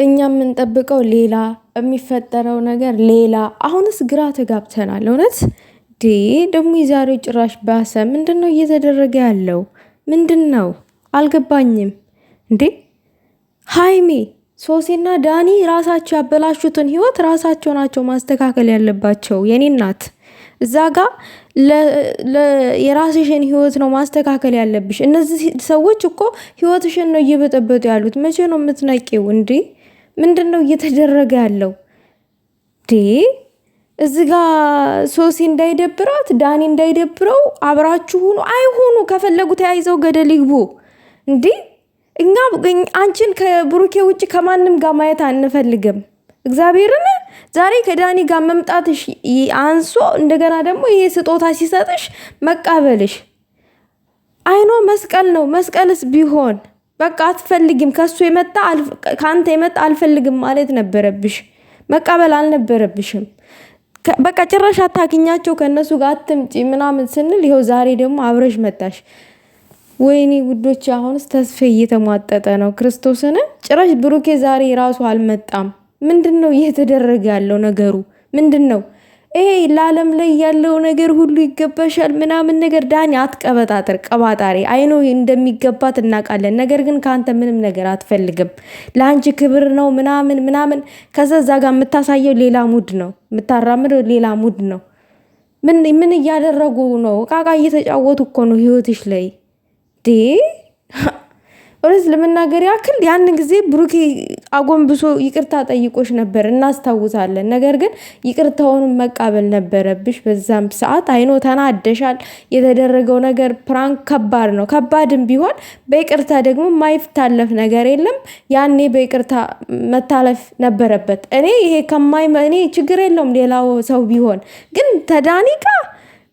እኛ የምንጠብቀው ሌላ፣ የሚፈጠረው ነገር ሌላ። አሁንስ ግራ ተጋብተናል። እውነት ዴ ደግሞ የዛሬው ጭራሽ ባሰ። ምንድን ነው እየተደረገ ያለው? ምንድን ነው አልገባኝም እንዴ ሀይሜ ሶሴና ዳኒ ራሳቸው ያበላሹትን ህይወት ራሳቸው ናቸው ማስተካከል ያለባቸው። የኔ ናት እዛ ጋ የራስሽን ህይወት ነው ማስተካከል ያለብሽ። እነዚህ ሰዎች እኮ ህይወትሽን ነው እየበጠበጡ ያሉት። መቼ ነው የምትነቂው እንዴ? ምንድን ነው እየተደረገ ያለው ዴ እዚህ ጋ ሶሲ እንዳይደብራት ዳኒ እንዳይደብረው አብራችሁ ሁኑ። አይሁኑ ከፈለጉ ተያይዘው ገደል ይግቡ። እንዴ እኛ አንቺን ከብሩኬ ውጭ ከማንም ጋር ማየት አንፈልግም። እግዚአብሔርን ዛሬ ከዳኒ ጋር መምጣትሽ አንሶ እንደገና ደግሞ ይሄ ስጦታ ሲሰጥሽ መቃበልሽ አይኖ መስቀል ነው። መስቀልስ ቢሆን በቃ አትፈልጊም፣ ከሱ የመጣ ከአንተ የመጣ አልፈልግም ማለት ነበረብሽ። መቀበል አልነበረብሽም። በቃ ጭራሽ አታግኛቸው፣ ከእነሱ ጋር አትምጪ ምናምን ስንል ይኸው ዛሬ ደግሞ አብረሽ መጣሽ። ወይኔ ውዶች፣ አሁንስ ተስፋ እየተሟጠጠ ነው። ክርስቶስን ጭራሽ ብሩኬ ዛሬ ራሱ አልመጣም። ምንድን ነው እየተደረገ ያለው ነገሩ ምንድን ነው? ይሄ ለዓለም ላይ ያለው ነገር ሁሉ ይገባሻል ምናምን ነገር ዳኒ አትቀበጣጥር ቀባጣሪ አይኖ እንደሚገባት እናውቃለን። ነገር ግን ከአንተ ምንም ነገር አትፈልግም። ለአንቺ ክብር ነው ምናምን ምናምን። ከዛ እዛ ጋር የምታሳየው ሌላ ሙድ ነው፣ የምታራምደው ሌላ ሙድ ነው። ምን ምን እያደረጉ ነው? እቃቃ እየተጫወቱ እኮ ነው ህይወትሽ ላይ ዴ እውነት ለመናገር ያክል ያን ጊዜ ብሩኬ አጎንብሶ ይቅርታ ጠይቆች ነበር እናስታውሳለን። ነገር ግን ይቅርታውንም መቃበል ነበረብሽ። በዛም ሰዓት አይኖ ተናደሻል። የተደረገው ነገር ፕራንክ ከባድ ነው። ከባድም ቢሆን በይቅርታ ደግሞ ማይታለፍ ነገር የለም። ያኔ በይቅርታ መታለፍ ነበረበት። እኔ ይሄ ከማይ እኔ ችግር የለውም ሌላው ሰው ቢሆን ግን ተዳኒቃ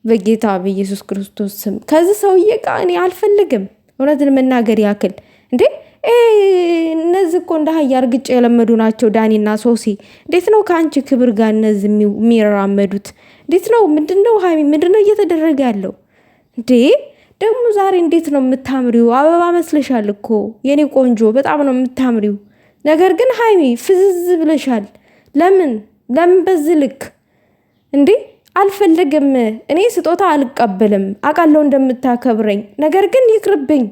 በጌታ በኢየሱስ ክርስቶስ ስም ከዚህ ሰውዬ ቃ እኔ አልፈልግም። እውነትን መናገር ያክል እንዴ እነዚህ እኮ እንደ አህያ እርግጫ የለመዱ ናቸው። ዳኒና ሶሲ እንዴት ነው ከአንቺ ክብር ጋር እነዚህ የሚራመዱት? እንዴት ነው ምንድነው? ሀይሚ ምንድነው እየተደረገ ያለው እንዴ? ደግሞ ዛሬ እንዴት ነው የምታምሪው? አበባ መስለሻል እኮ የኔ ቆንጆ፣ በጣም ነው የምታምሪው። ነገር ግን ሀይሚ ፍዝዝ ብለሻል። ለምን ለምን በዚህ ልክ እንዴ? አልፈልግም እኔ ስጦታ አልቀበልም። አውቃለሁ እንደምታከብረኝ፣ ነገር ግን ይቅርብኝ።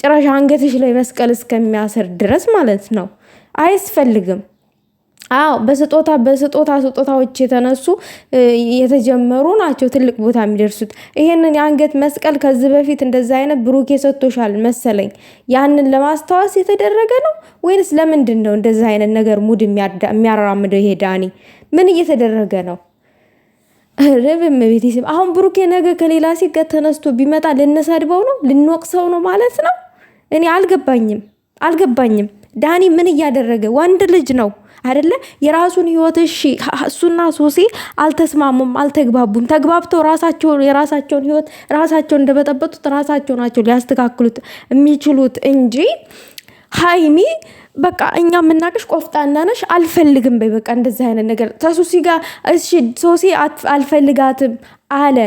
ጭራሽ አንገትሽ ላይ መስቀል እስከሚያስር ድረስ ማለት ነው። አያስፈልግም። አዎ በስጦታ በስጦታ ስጦታዎች የተነሱ የተጀመሩ ናቸው ትልቅ ቦታ የሚደርሱት። ይሄንን የአንገት መስቀል ከዚህ በፊት እንደዛ አይነት ብሩክ የሰጥቶሻል መሰለኝ ያንን ለማስታወስ የተደረገ ነው ወይንስ ለምንድን ነው እንደዛ አይነት ነገር ሙድ የሚያራምደው? ይሄ ዳኒ ምን እየተደረገ ነው? ርብም ቤት አሁን ብሩኬ ነገ ከሌላ ሲቀት ተነስቶ ቢመጣ ልንሰድበው ነው ልንወቅሰው ነው ማለት ነው። እኔ አልገባኝም አልገባኝም። ዳኒ ምን እያደረገ ወንድ ልጅ ነው አይደለ? የራሱን ህይወት እሺ፣ እሱና ሶሴ አልተስማሙም፣ አልተግባቡም። ተግባብተው ራሳቸውን የራሳቸውን ህይወት ራሳቸውን እንደበጠበጡት ራሳቸው ናቸው ሊያስተካክሉት የሚችሉት እንጂ ሀይሚ በቃ እኛ የምናቅሽ ቆፍጣና ነሽ፣ አልፈልግም በይ በቃ እንደዚህ አይነት ነገር ተሱሲ ጋር እሺ፣ ሶሴ አልፈልጋትም አለ።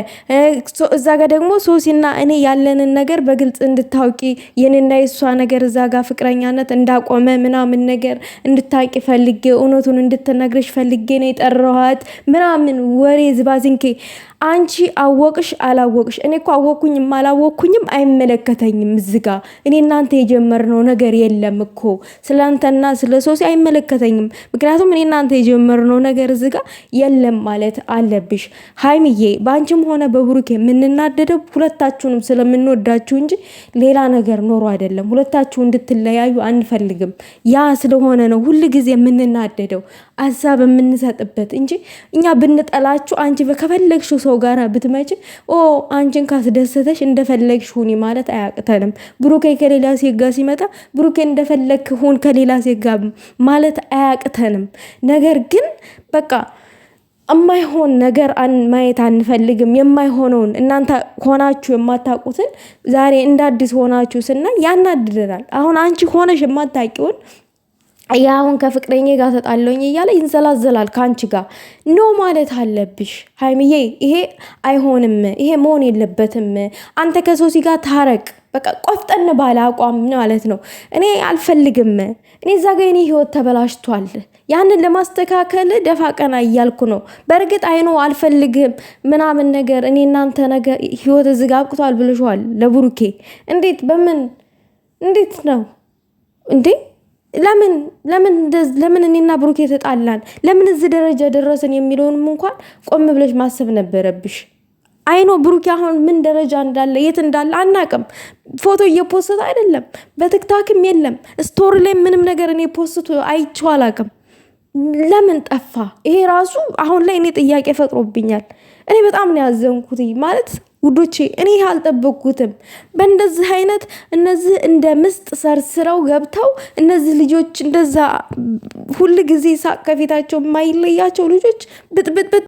እዛ ጋር ደግሞ ሶሲና እኔ ያለንን ነገር በግልጽ እንድታውቂ የኔና የእሷ ነገር እዛ ጋር ፍቅረኛነት እንዳቆመ ምናምን ነገር እንድታውቂ ፈልጌ እውነቱን እንድትነግርሽ ፈልጌ ነው የጠራኋት ምናምን ወሬ ዝባዝንኬ። አንቺ አወቅሽ አላወቅሽ፣ እኔ እኮ አወቅኩኝም አላወቅኩኝም አይመለከተኝም። እዚጋ እኔ እናንተ የጀመርነው ነገር የለም እኮ ስለአንተና ስለ ሶሲ አይመለከተኝም። ምክንያቱም እኔ እናንተ የጀመርነው ነገር እዚጋ የለም ማለት አለብሽ ሀይምዬ በአንቺም ሆነ በብሩክ የምንናደደው ሁለታችሁንም ስለምንወዳችሁ እንጂ ሌላ ነገር ኖሮ አይደለም። ሁለታችሁ እንድትለያዩ አንፈልግም። ያ ስለሆነ ነው ሁል ጊዜ የምንናደደው አሳብ የምንሰጥበት እንጂ እኛ ብንጠላችሁ አንቺ ከፈለግሽው ሰው ጋር ብትመጭ ኦ አንቺን ካስደሰተሽ እንደፈለግሽ ሁኒ ማለት አያቅተንም። ብሩኬ ከሌላ ሴት ጋር ሲመጣ ብሩኬ እንደፈለግክ ሁን ከሌላ ሴት ጋር ማለት አያቅተንም። ነገር ግን በቃ የማይሆን ነገር ማየት አንፈልግም። የማይሆነውን እናንተ ሆናችሁ የማታውቁትን ዛሬ እንደ አዲስ ሆናችሁ ስናይ ያናድደናል። አሁን አንቺ ሆነሽ የማታውቂውን ያ አሁን ከፍቅረኛ ጋር ተጣለኝ እያለ ይንዘላዘላል ከአንቺ ጋር ኖ ማለት አለብሽ ሀይምዬ። ይሄ አይሆንም፣ ይሄ መሆን የለበትም። አንተ ከሶሲ ጋር ታረቅ። በቃ ቆፍጠን ባለ አቋም ማለት ነው። እኔ አልፈልግም። እኔ እዛ ጋ የኔ ህይወት ተበላሽቷል። ያንን ለማስተካከል ደፋ ቀና እያልኩ ነው። በእርግጥ አይኖ አልፈልግም ምናምን ነገር እኔ እናንተ ነገር ህይወት እዚህ ጋ አብቅቷል ብለሽዋል ለቡሩኬ። እንዴት በምን እንዴት ነው እንዴ? ለምን ለምን ለምን እኔና ብሩኬ ተጣላን? ለምን እዚህ ደረጃ ደረስን? የሚለውንም እንኳን ቆም ብለሽ ማሰብ ነበረብሽ። አይኖ ብሩኬ አሁን ምን ደረጃ እንዳለ የት እንዳለ አናቅም። ፎቶ እየፖስት አይደለም፣ በትክታክም የለም ስቶሪ ላይ ምንም ነገር እኔ ፖስቱ አይቼው አላቅም። ለምን ጠፋ? ይሄ ራሱ አሁን ላይ እኔ ጥያቄ ፈጥሮብኛል። እኔ በጣም ነው ያዘንኩት ማለት ውዶቼ እኔ ይህ አልጠበቅኩትም። በእንደዚህ አይነት እነዚህ እንደ ምስጥ ሰርስረው ገብተው እነዚህ ልጆች እንደዛ ሁል ጊዜ ሳቅ ከፊታቸው የማይለያቸው ልጆች ብጥብጥብጥ